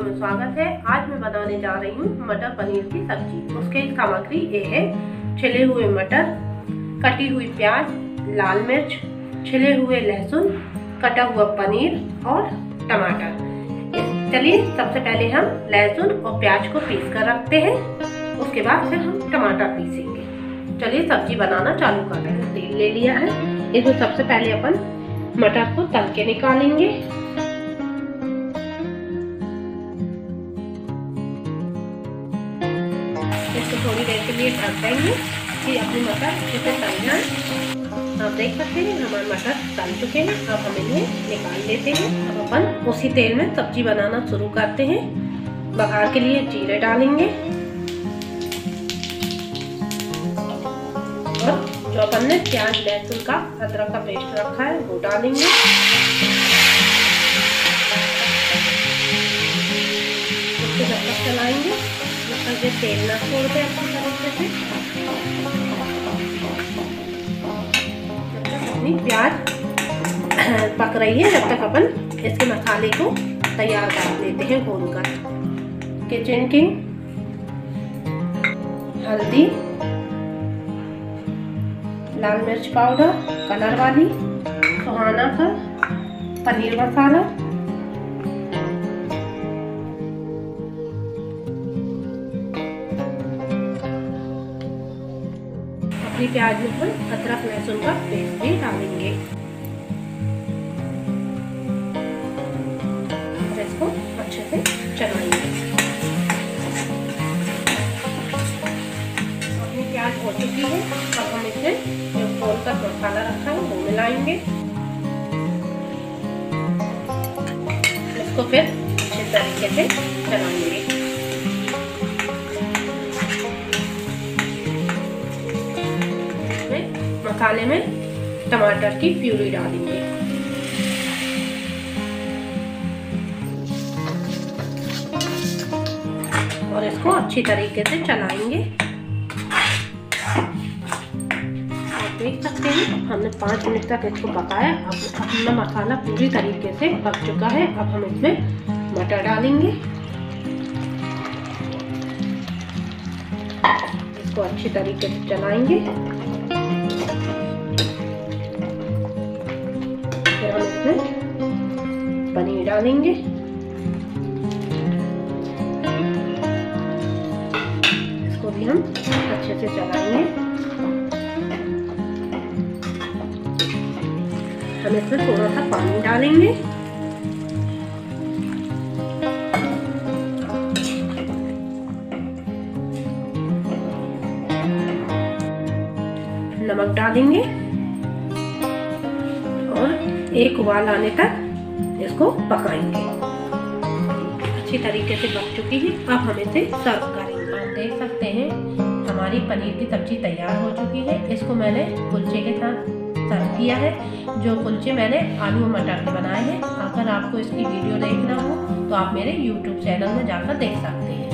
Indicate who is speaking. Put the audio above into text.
Speaker 1: video में स्वागत है आज मैं बताने जा रही हूँ मटर पनीर की सब्जी उसके सामग्री ये है छिले हुए मटर कटी हुई प्याज लाल मिर्च छिले हुए लहसुन कटा हुआ पनीर और टमाटर चलिए सबसे पहले हम लहसुन और प्याज को पीस कर रखते हैं उसके बाद फिर हम टमाटर पीसेंगे चलिए सब्जी बनाना चालू कर रहे हैं तेल ले लिया है इसमें सबसे पहले अपन मटर को तल के निकालेंगे थोड़ी देर के लिए ढक देंगे कि अपनी मटर अच्छे से तल जाए आप देख सकते हैं हमारे मटर तल चुके हैं अब हम इन्हें निकाल लेते हैं अब अपन उसी तेल में सब्जी बनाना शुरू करते हैं बघार के लिए जीरे डालेंगे और जो अपन ने प्याज लहसुन का अदरक का पेस्ट रखा है वो डालेंगे उसको जब तक चलाएंगे तेल ना তেল না পড়বে এখন से अपनी प्याज पक रही है जब तक अपन इसके मसाले को तैयार कर लेते हैं घोल कर किचन किंग हल्दी लाल मिर्च पाउडर कलर वाली सुहाना का पनीर मसाला आखिरी प्याज में हम अदरक लहसुन का पेस्ट भी डालेंगे इसको अच्छे से चलाएंगे प्याज हो चुकी है अब हम इसे जो कौन का मसाला रखा है वो मिलाएंगे इसको फिर अच्छे तरीके से चलाएंगे मसाले में टमाटर की प्यूरी डालेंगे और इसको अच्छी तरीके से चलाएंगे देख सकते हैं हमने पाँच मिनट तक इसको पकाया अब अपना मसाला पूरी तरीके से पक चुका है अब हम इसमें मटर डालेंगे इसको अच्छी तरीके से चलाएंगे पर पनीर डालेंगे इसको भी हम अच्छे से चलाएंगे हम इसमें थोड़ा सा पानी डालेंगे नमक डालेंगे एक उबाल आने तक इसको पकाएंगे अच्छी तरीके से पक चुकी है अब हम इसे सर्व करेंगे आप देख सकते हैं हमारी पनीर की सब्जी तैयार हो चुकी है इसको मैंने कुलचे के साथ सर्व किया है जो कुलचे मैंने आलू और मटर के बनाए हैं अगर आपको इसकी वीडियो देखना हो तो आप मेरे यूट्यूब चैनल में जाकर देख सकते हैं